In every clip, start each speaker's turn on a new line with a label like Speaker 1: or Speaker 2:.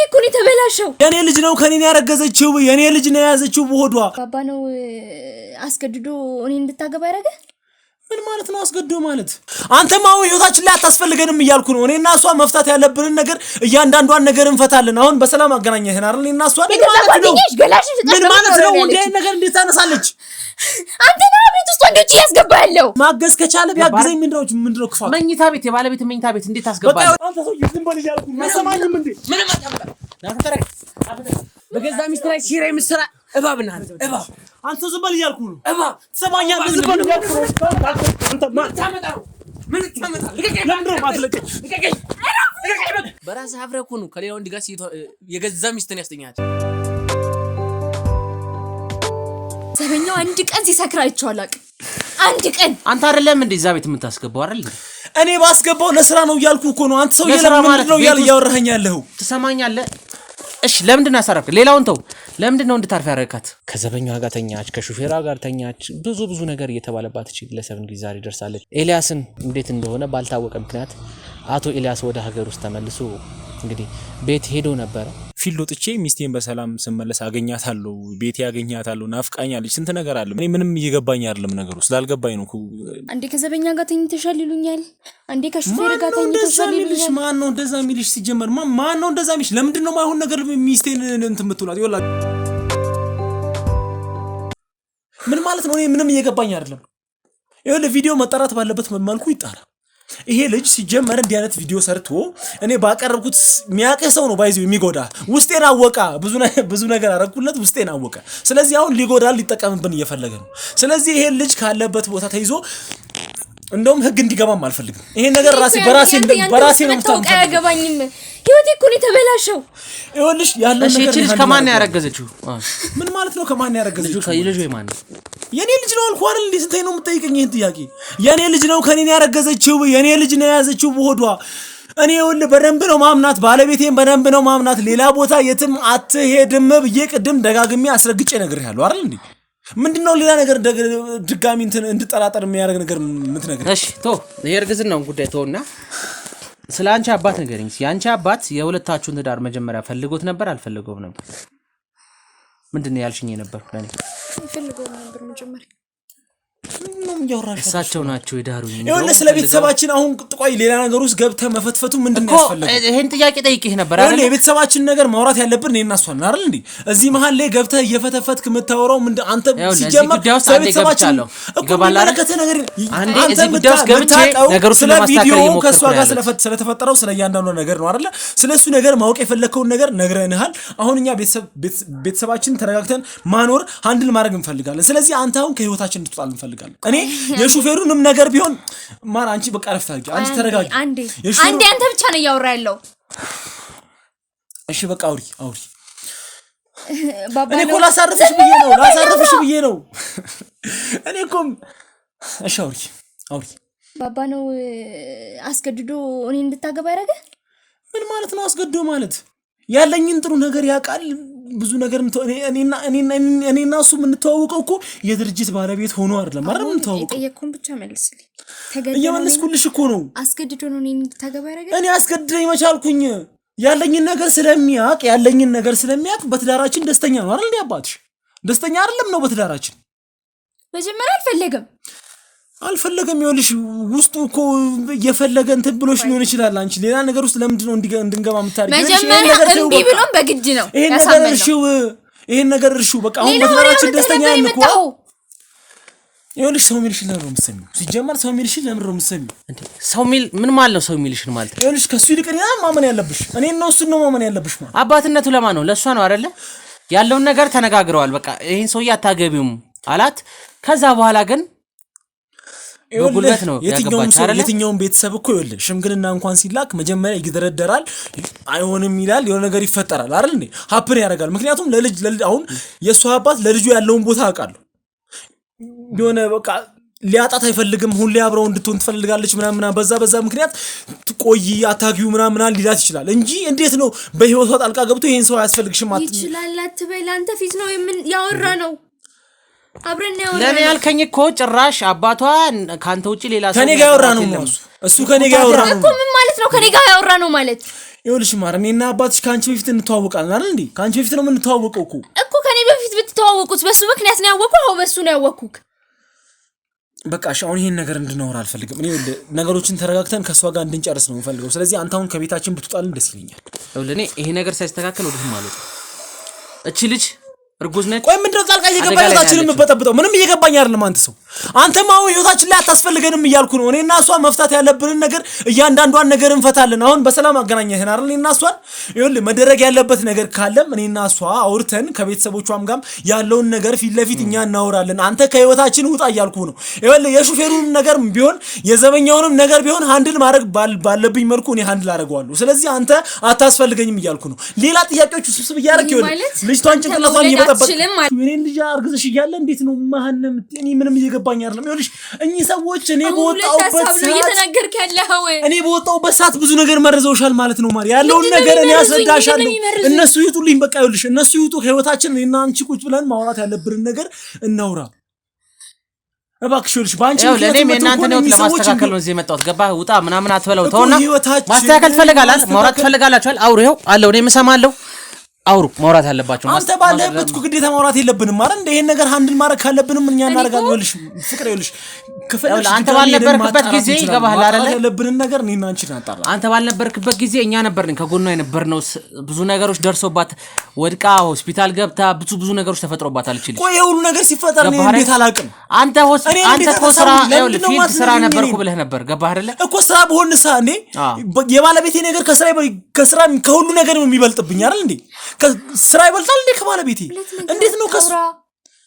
Speaker 1: ህይወቴ እኮ ነው የተበላሸው። የኔ ልጅ ነው ከኔን ያረገዘችው፣ የኔ ልጅ ነው የያዘችው በሆዷ። ባባ ነው አስገድዶ እኔ እንድታገባ ያደረገ። ምን ማለት ነው አስገድዶ ማለት? አንተማ አሁን ህይወታችን ላይ አታስፈልገንም እያልኩ ነው። እኔ እና እሷ መፍታት ያለብንን ነገር እያንዳንዷን ነገር እንፈታለን። አሁን በሰላም አገናኘህን አይደል? እኔ እና እሷ ምን ማለት ነው? ምን ማለት ነው? ነገር እንዴት ታነሳለች ወንዶች እያስገባ ያለው ማገዝ ከቻለ ቢያግዘኝ። ምንድነው ምንድነው ክፋት? መኝታ ቤት የባለቤት መኝታ ቤት እንዴት ታስገባለህ? በገዛ ሚስት ላይ ሲራ የምስራ እባብ ናት እባብ። አንተ ዝም በል እያልኩ ነው እባብ። ትሰማኛለህ? ዝም በል እያልኩ ነው። በራስህ አብረህ እኮ ነው ከሌላ ወንድ ጋር የገዛ ሚስትን ያስተኛል። ዘበኛው አንድ ቀን ሲሰክር አይቼው አላውቅም። አንድ ቀን አንተ አይደለም እንደ እዛ ቤት የምታስገባው አይደል? እኔ ባስገባው ለስራ ነው እያልኩ እኮ ነው። አንተ ሰው ምንድን ነው እያል እያወራኸኝ ያለኸው? ትሰማኛለህ? እሺ ለምንድን ነው ያሳረፍክ? ሌላውን ተው። ለምንድን ነው እንድታርፍ ያደረግካት? ከዘበኛ ጋር ተኛች፣ ከሹፌራ ጋር ተኛች፣ ብዙ ብዙ ነገር እየተባለባት እቺ ግለሰብ እንግዲህ ዛሬ ደርሳለች። ኤልያስን እንዴት እንደሆነ ባልታወቀ ምክንያት አቶ ኤልያስ ወደ ሀገር ውስጥ ተመልሶ እንግዲህ ቤት ሄዶ ነበረ ፊልድ ወጥቼ ሚስቴን በሰላም ስመለስ አገኛታለሁ፣ ቤቴ አገኛታለሁ፣ ናፍቃኛለች፣ ስንት ነገር አለ። እኔ ምንም እየገባኝ አይደለም ነገሩ ስላልገባኝ ነው። አንዴ ከዘበኛ ጋር ተኝተሻል ይሉኛል፣ አንዴ ከሹፌር ጋር ተኝተሻል ይሉኛል። ማን ነው እንደዛ የሚልሽ? ሲጀመር ማን ነው እንደዛ የሚልሽ? ለምንድን ነው ማይሆን ነገር ሚስቴን እንትን የምትውላት ይወላ ምን ማለት ነው? እኔ ምንም እየገባኝ አይደለም። ይኸውልህ ቪዲዮ መጠራት ባለበት መልኩ ይጣላል። ይሄ ልጅ ሲጀመር እንዲህ አይነት ቪዲዮ ሰርቶ እኔ ባቀረብኩት የሚያውቅህ ሰው ነው ባይዘው የሚጎዳ ውስጤን አወቃ። ብዙ ነገር አረግኩለት፣ ውስጤን አወቀ። ስለዚህ አሁን ሊጎዳ ሊጠቀምብን እየፈለገ ነው። ስለዚህ ይሄ ልጅ ካለበት ቦታ ተይዞ እንደውም ህግ እንዲገባም አልፈልግም። ይሄን ነገር ራሴ በራሴ በራሴ ነው የምታውቀው። አያገባኝም። ህይወቴ እኮ ነው የተበላሸው። ይኸውልሽ ያለ ነገር እሺ። ልጅ ከማን ነው ያረገዘችው? ምን ማለት ነው? ከማን ነው ያረገዘችው? ልጅ ወይ ማን የኔ ልጅ ነው አልኩህ አይደል? እንዴት ስንተኝ ነው የምጠይቀኝ ይሄን ጥያቄ? የኔ ልጅ ነው ከኔ ነው ያረገዘችው። የኔ ልጅ ነው የያዘችው በሆዷ። እኔ ይኸውልህ በደንብ ነው ማምናት፣ ባለቤቴን በደንብ ነው ማምናት። ሌላ ቦታ የትም አትሄድም ብዬ ቅድም ደጋግሜ አስረግጬ ነግሬሃለሁ አይደል እንዴ ምንድነው ሌላ ነገር ድጋሚ እንድጠራጠር የሚያደርግ ነገር የምትነግረኝ? እሺ ቶ የእርግዝናውን ጉዳይ ተውና ስለ አንቺ አባት ንገረኝ። የአንቺ አባት የሁለታችሁን ትዳር መጀመሪያ ፈልጎት ነበር አልፈልገውም ነበር? ምንድን ነው ያልሽኝ የነበረው ለእኔ? ፈልገውም ነበር መጀመሪያ ምናምን እያወራሽ እሳቸው ናቸው የዳሩ የሆነ ስለ ቤተሰባችን። አሁን ጥቋይ ሌላ ነገር ውስጥ ገብተ መፈትፈቱ ምንድን ነው ያስፈለገው? ይህን ጥያቄ ጠይቄህ ነበር። አይደል? የቤተሰባችን ነገር ማውራት ያለብን እኔና እሷ አይደል? እንዴ እዚህ መሀል ላይ ገብተ እየፈተፈትክ የምታወራው ምንድን? አንተ ሲጀመር ስለ ቤተሰባችን እኮ የሚመለከትህ ነገር አንተ የምታውቀው ስለ ቪዲዮ ከእሷ ጋር ስለተፈጠረው ስለ እያንዳንዱ ነገር ነው አይደለ? ስለ እሱ ነገር ማወቅ የፈለግከውን ነገር ነግረንሃል። አሁን እኛ ቤተሰባችን ተረጋግተን ማኖር አንድል ማድረግ እንፈልጋለን። ስለዚህ አንተ አሁን ከህይወታችን እንድትወጣል እንፈልጋለን እኔ የሹፌሩንም ነገር ቢሆን ማን አንቺ በቃ ረፍት አድርጊ። አንቺ ተረጋጊ። አንዴ አንተ ብቻ ነው እያወራ ያለው። እሺ በቃ አውሪ አውሪ። እኔ እኮ ላሳርፍሽ ብዬ ነው ላሳርፍሽ ብዬ ነው። እኔ እኮም እሺ አውሪ አውሪ። ባባ ነው አስገድዶ እኔ እንድታገባ ያደረገ ምን ማለት ነው? አስገድዶ ማለት ያለኝን ጥሩ ነገር ያውቃል። ብዙ ነገር እኔና እሱ የምንተዋወቀው እኮ የድርጅት ባለቤት ሆኖ አይደለም አ የምንተዋወቀው ብቻ መልስልኝ። እየመለስኩልሽ እኮ ነው። አስገድዶ ነው እኔ አስገድደኝ መቻልኩኝ። ያለኝን ነገር ስለሚያውቅ ያለኝን ነገር ስለሚያውቅ በትዳራችን ደስተኛ ነው አይደል? አባትሽ ደስተኛ አይደለም ነው በትዳራችን መጀመሪያ አልፈለገም አልፈለገም ይኸውልሽ፣ ውስጡ እኮ እየፈለገ እንትን ብሎሽ ሊሆን ይችላል። አንቺ ሌላ ነገር ውስጥ ለምንድን ነው እንድንገባ የምታደርጊው? መጀመሪያ እምቢ ብሎን በግድ ነው ይሄን ነገር እርሺው፣ ይሄን ነገር እርሺው። በቃ አሁን በትዳራችን ደስተኛ ነን እኮ ይኸውልሽ። ሰው የሚልሽን ለምን ነው የምትሰሚው? ሲጀመር ሰው የሚልሽን ለምን ነው የምትሰሚው? ሰው የሚል ምን ማለት ነው? ሰው የሚልሽን ማለት ነው ይኸውልሽ፣ ከእሱ ይልቅ እኔ ማመን ያለብሽ እኔ እና እሱን ነው ማመን ያለብሽ። ማለት አባትነቱ ለማን ነው? ለእሷ ነው አይደለ? ያለውን ነገር ተነጋግረዋል። በቃ ይሄን ሰውዬ አታገቢውም አላት። ከዛ በኋላ ግን በጉልበት የትኛውን ቤተሰብ እኮ ይኸውልህ ሽምግልና እንኳን ሲላክ መጀመሪያ ይደረደራል፣ አይሆንም ይላል፣ የሆነ ነገር ይፈጠራል አይደል እንዴ? ሀፕን ያደርጋል። ምክንያቱም ለልጅ አሁን የእሷ አባት ለልጁ ያለውን ቦታ አውቃለሁ። የሆነ በቃ ሊያጣት አይፈልግም። ሁሌ አብረው እንድትሆን ትፈልጋለች ምናምና በዛ በዛ ምክንያት ቆይ አታግቢው ምናምና ሊላት ይችላል እንጂ እንዴት ነው በህይወቷ ጣልቃ ገብቶ ይህን ሰው አያስፈልግሽም ይችላል አትበይ። ለአንተ ፊት ነው ያወራ ነው ለእኔ ያልከኝ እኮ ጭራሽ አባቷ ከአንተ ውጭ ሌላ ሰው ከኔ ጋር ያወራ ነው እሱ እሱ ከኔ ጋር ያወራ ነው እኮ ምን ማለት ነው? ከኔ ጋር ያወራ ነው ማለት ይኸውልሽ፣ ማር እኔና አባትሽ ከአንቺ በፊት እንተዋወቃለን አይደል እንዴ? ከአንቺ በፊት ነው የምንተዋወቀው እኮ እኮ ከኔ በፊት ብትተዋወቁት በሱ ምክንያት ነው ያወቅኩ። አሁን በሱ ነው ያወቅኩክ። በቃ እሺ፣ አሁን ይሄን ነገር እንድናወራ አልፈልግም። እኔ ነገሮችን ተረጋግተን ከእሷ ጋር እንድንጨርስ ነው የምፈልገው። ስለዚህ አንተ አሁን ከቤታችን ብትወጣልን ደስ ይለኛል። ይኸውልህ፣ እኔ ይሄ ነገር ሳይስተካከል ወደትም ማለት እቺ ልጅ እርጉዝ ቆይ ምንድነው ጣልቃ እየገባ ህይወታችንን የምበጠብጠው? ምንም እየገባኝ አይደለም። አንተ ሰው አንተም አሁን ህይወታችን ላይ አታስፈልገንም እያልኩ ነው። እኔ እና እሷ መፍታት ያለብንን ነገር እያንዳንዷን ነገር እንፈታለን። አሁን በሰላም አገናኘህን አይደል? እኔ እና እሷን ይኸውልህ፣ መደረግ ያለበት ነገር ካለም እኔ እና እሷ አውርተን ከቤተሰቦቿም ጋር ያለውን ነገር ፊት ለፊት እኛ እናወራለን። አንተ ከህይወታችን ውጣ እያልኩ ነው። ይኸውልህ፣ የሹፌሩንም ነገር ቢሆን የዘበኛውንም ነገር ቢሆን ሃንድል ማድረግ ባለብኝ መልኩ እኔ ሃንድል አደርገዋለሁ። ስለዚህ አንተ አታስፈልገኝም እያልኩ ነው። ሌላ ጥያቄዎች ስብስብ እያደረግ ይኸውልህ፣ ልጅቷን ጭንቅላቷን አትችልም። እኔን ልጅ አርግዘሽ እያለ እንዴት ነው ማህንም? እኔ ምንም እየገባኝ አይደለም። ይኸውልሽ እኚህ ሰዎች እኔ በወጣሁበት እኔ በወጣሁበት ሰዓት ብዙ ነገር መርዘውሻል ማለት ነው። ማለት ያለውን ነገር እኔ አስረዳሻለሁ። እነሱ ይውጡልኝ፣ በቃ ይኸውልሽ፣ እነሱ ይውጡ ህይወታችን እኔና አንቺ ቁጭ ብለን ማውራት ያለብንን ነገር እናውራ እባክሽ ልሽ በአንቺ ለእኔም የእናንተን ህይወት ለማስተካከል ነው እዚህ የመጣሁት። ገባህ? ውጣ ምናምን አትበለው፣ ተውና ማስተካከል ትፈልጋላችሁ፣ ማውራት ትፈልጋላችኋል። አውሬው አለው እኔም እሰማለሁ። አውሩ ማውራት ያለባቸው አንተ ባለህበት ግዴታ ማውራት የለብንም አይደል እንደ ይሄን ነገር አንድን ማድረግ ካለብንም እኛ እናደርጋለን። ይኸውልሽ ፍቅር ይኸውልሽ ክፍል አንተ ባልነበርክበት ጊዜ ይገባሃል አይደለ? ያለብንን ነገር እኔና አንቺ እናጣራ። አንተ ባልነበርክበት ጊዜ እኛ ነበርን ከጎኗ የነበርነው። ብዙ ነገሮች ደርሶባት ወድቃ ሆስፒታል ገብታ ብዙ ብዙ ነገሮች ተፈጥሮባታል። ይችል ቆይ ሁሉ ነገር ሲፈጠር እኔ እንዴት አላውቅም? አንተ አንተ እኮ ስራ ፊልድ ስራ ነበርኩ ብለህ ነበር። ገባህ አይደለ? እኮ ስራ በሆን ሳ እንዴ የባለቤቴ ነገር ከስራ ከስራ ከሁሉ ነገር ነው የሚበልጥብኝ አይደል እንዴ? ስራ ይበልጣል እንዴ ከባለቤቴ? እንዴት ነው ከስራ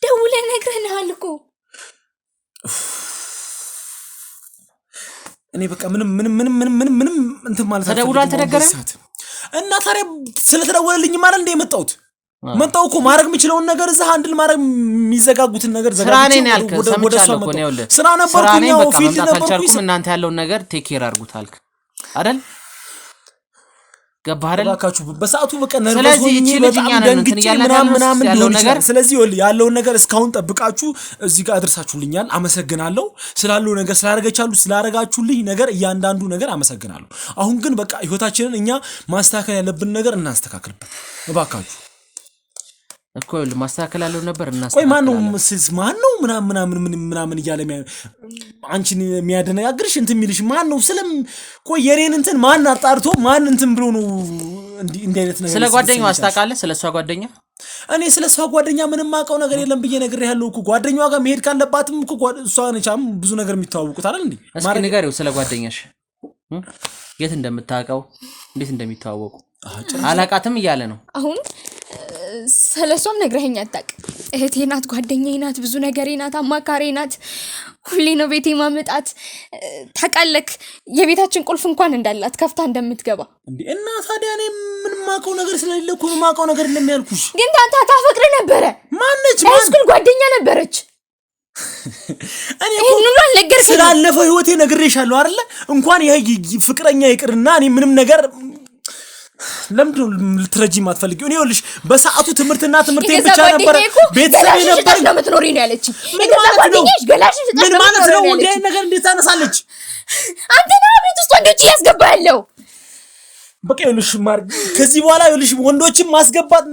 Speaker 1: ደውለህ ነግረናል እኮ እኔ በቃ ምንም ምንም ምንም ምንም ምንም ምንም እንትን ማለት ተደውሎ አልተነገረም። እና ታዲያ ስለተደወለልኝ ማለት እንደ የመጣሁት መጣው እኮ ማድረግ የሚችለውን ነገር እዛ አንድል ማድረግ የሚዘጋጉትን ነገር ስራ ነበርኩኝ፣ ፊልድ ነበርኩኝ። እናንተ ያለውን ነገር ቴክ ኬር አድርጉት አልክ አይደል? ገባህ? በሰዓቱ በቃ ያለውን ነገር እስካሁን ጠብቃችሁ እዚህ ጋር አድርሳችሁልኛል፣ አመሰግናለሁ። ስላለው ነገር ስላረገቻሉ ስላረጋችሁልኝ ነገር እያንዳንዱ ነገር አመሰግናለሁ። አሁን ግን በቃ ህይወታችንን እኛ ማስተካከል ያለብን ነገር እናስተካክልበት እባካችሁ። እኮ ማስተካከል አለው ነበር እና ቆይ ማነው ማነው ምናምን ምናምን እያለ አንቺን የሚያደነጋግርሽ እንትን የሚልሽ ማን ነው? ስለም ቆይ የኔን እንትን ማን አጣርቶ ማን እንትን ብሎ ነው እንዲህ አይነት ነገር? ስለ ጓደኛ ማስታውቃለህ? ስለ እሷ ጓደኛ እኔ ስለ እሷ ጓደኛ ምንም አውቀው ነገር የለም ብዬ ነገር ያለው እኮ ጓደኛዋ ጋር መሄድ ካለባትም እኮ እሷ ነቻም ብዙ ነገር የሚተዋውቁት አይደል እንዴ? እስኪ ንገሪው ስለ ጓደኛሽ የት እንደምታውቀው እንዴት እንደሚተዋወቁ አላቃትም እያለ ነው አሁን ስለሷም ነግረኸኝ አታውቅም። እህቴ ናት፣ ጓደኛዬ ናት፣ ብዙ ነገሬ ናት፣ አማካሪ ናት። ሁሌ ነው ቤቴ ማመጣት። ታውቃለህ፣ የቤታችን ቁልፍ እንኳን እንዳላት ከፍታ እንደምትገባ እና ታዲያ እኔ ምን ማውቀው ነገር ስለሌለ እኮ ነው ማውቀው ነገር እንደሚያልኩሽ። ግን ታታ ታፈቅር ነበረ። ማነች? ስኩል ጓደኛ ነበረች። ስላለፈው ህይወቴ ነግሬሻለሁ አይደለ? እንኳን ይሄ ፍቅረኛ ይቅርና እኔ ምንም ነገር ለምንድነው ልትረጂ የማትፈልጊው? እኔ ይኸውልሽ በሰዓቱ ትምህርትና ትምህርት ብቻ ነበረ። ቤተሰብ ነበር ነው የምትኖሪ ነው ያለች። ምን ማለት ነው? ምን ማለት ነው? እንዲህ ነገር እንዴት ታነሳለች? አንተ ነው ቤት ውስጥ ወንዶች እያስገባ ያለው በቃ ይኸውልሽ ማርግ ከዚህ በኋላ ይኸውልሽ ወንዶችን ማስገባት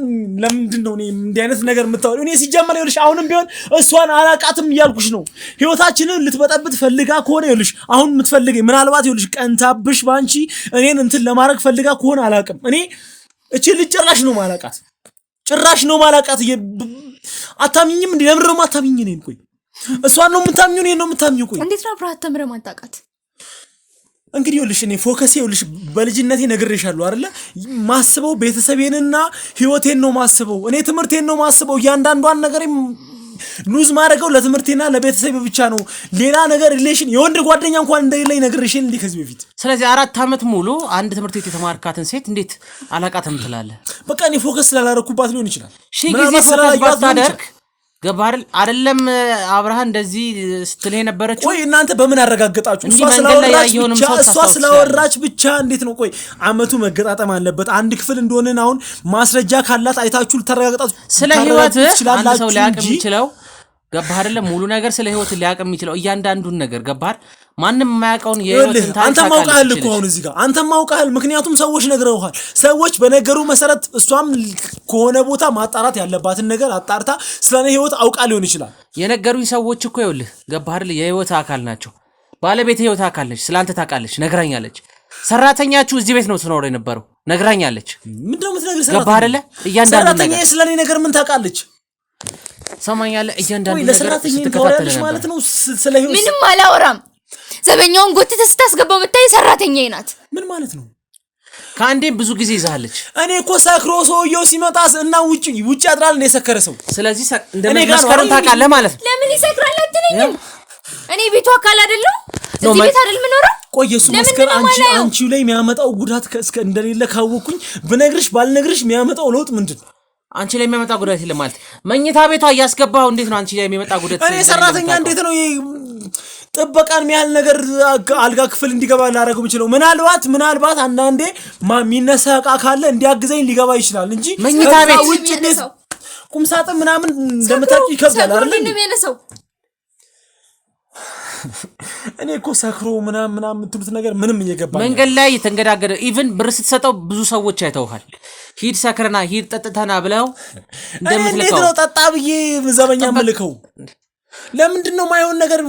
Speaker 1: ለምንድን ነው እኔ እንዲህ አይነት ነገር የምታወሪው? እኔ ሲጀመር ይኸውልሽ አሁንም ቢሆን እሷን አላቃትም እያልኩሽ ነው። ህይወታችንን ልትበጠብጥ ፈልጋ ከሆነ ይኸውልሽ አሁን የምትፈልገኝ ምናልባት ይኸውልሽ ቀንታብሽ ባንቺ እኔን እንትን ለማድረግ ፈልጋ ከሆነ አላቅም። እኔ እቺ ልጅ ጭራሽ ነው ማላቃት፣ ጭራሽ ነው ማላቃት። አታምኝም እንዴ? ለምንድን ነው የማታምኝ? ቆይ እሷን ነው የምታምኘው? እኔን ነው የምታምኘው? ቆይ እንዴት ነው አብረሃት ተምረህ ማታውቃት? እንግዲህ ይኸውልሽ እኔ ፎከሴ ይኸውልሽ በልጅነቴ ነግሬሻለሁ አይደለ? ማስበው ቤተሰቤንና ህይወቴን ነው ማስበው። እኔ ትምህርቴን ነው ማስበው። እያንዳንዷን ነገር ሉዝ ማድረገው ለትምህርቴና ለቤተሰቤ ብቻ ነው። ሌላ ነገር ሪሌሽን፣ የወንድ ጓደኛ እንኳን እንደሌለኝ ነግሬሽን እንዲህ ከዚህ በፊት። ስለዚህ አራት ዓመት ሙሉ አንድ ትምህርት ቤት የተማርካትን ሴት እንዴት አላቃትም ትላለህ? በቃ እኔ ፎከስ ስላላረኩባት ሊሆን ይችላል ሺህ ጊዜ ፎከስ ባታደርግ ገባህ አይደል? አይደለም አብርሃ እንደዚህ ስትል የነበረችው። ቆይ እናንተ በምን አረጋገጣችሁ? እሷ ስላወራች ብቻ እንዴት ነው? ቆይ አመቱ መገጣጠም አለበት። አንድ ክፍል እንደሆንን አሁን ማስረጃ ካላት አይታችሁ ልታረጋግጣችሁ ስለ ህይወት አንድ ሰው ሊያውቅ የሚችለው ገባህ አይደለም? ሙሉ ነገር ስለ ህይወት ሊያውቅ የሚችለው እያንዳንዱን ነገር ገባህ ማንም የማያውቀውን አንተ ማውቃል እኮ አሁን እዚህ ጋር አንተ ማውቃል። ምክንያቱም ሰዎች ነግረውሃል። ሰዎች በነገሩ መሰረት እሷም ከሆነ ቦታ ማጣራት ያለባትን ነገር አጣርታ ስለኔ ህይወት አውቃ ሊሆን ይችላል። የነገሩኝ ሰዎች እኮ ይኸውልህ፣ ገባህ አይደል? የህይወት አካል ናቸው። ባለቤት ህይወት አካል ነች። ስለአንተ ታውቃለች፣ ነግራኛለች። ሰራተኛችሁ እዚህ ቤት ነው ትኖር የነበረው፣ ነግራኛለች። ምንድነው የምትነግርህ? ገባህ አይደለ? እያንዳንዱ ሰራተኛ ስለኔ ነገር ምን ታውቃለች? ሰማኛለ። እያንዳንዱ ለሰራተኛ ማለት ነው። ምንም አላወራም ዘበኛውን ጎትተ ስታስገባው ብታይ ሰራተኛዬ ናት። ምን ማለት ነው? ከአንዴም ብዙ ጊዜ ይዛለች። እኔ እኮ ሰክሮ ሰውየው ሲመጣ እና ውጭ ውጭ ያድራል እንደ የሰከረ ሰው። ስለዚህ እንደመስከረም ታውቃለህ ማለት ነው። ለምን ይሰክራል አትለኝም? እኔ ቤቱ አካል አይደለሁ? እዚህ ቤት አይደል የምኖረው? ቆይ እሱ መስከር አንቺ አንቺ ላይ የሚያመጣው ጉዳት እስከ እንደሌለ ካወቅኩኝ ብነግርሽ ባልነግርሽ የሚያመጣው ለውጥ ምንድን አንቺ ላይ የሚያመጣ ጉዳት የለም ማለት መኝታ ቤቷ እያስገባው እንዴት ነው አንቺ ላይ የሚመጣ ጉዳት? እኔ ሰራተኛ እንዴት ነው ጥበቃን የሚያህል ነገር አልጋ ክፍል እንዲገባ ላደረገው የሚችለው ምናልባት ምናልባት አንዳንዴ የሚነሳ እቃ ካለ እንዲያግዘኝ ሊገባ ይችላል እንጂ መኝታ ቤት ውጭ ቤት ቁምሳጥን ምናምን እንደምታውቂ ይከብዳል አይደል? እኔ እኮ ሰክሮ ምናምን ምናምን የምትሉት ነገር ምንም እየገባ መንገድ ላይ የተንገዳገደ ኢቭን ብር ስትሰጠው ብዙ ሰዎች አይተውሃል። ሂድ ሰክረና ሂድ ጠጥተና ብለው እንደምትልከው ነው። ጠጣ ብዬ ዘበኛ ምልከው ለምንድን ነው ማይሆን ነገር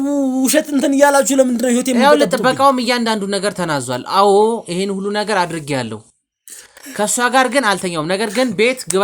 Speaker 1: ውሸት እንትን እያላችሁ ለምንድን ነው ህይወት ያው ለጥበቃውም እያንዳንዱ ነገር ተናዟል። አዎ ይሄን ሁሉ ነገር አድርጌ ያለው ከእሷ ጋር ግን አልተኛውም። ነገር ግን ቤት ግባ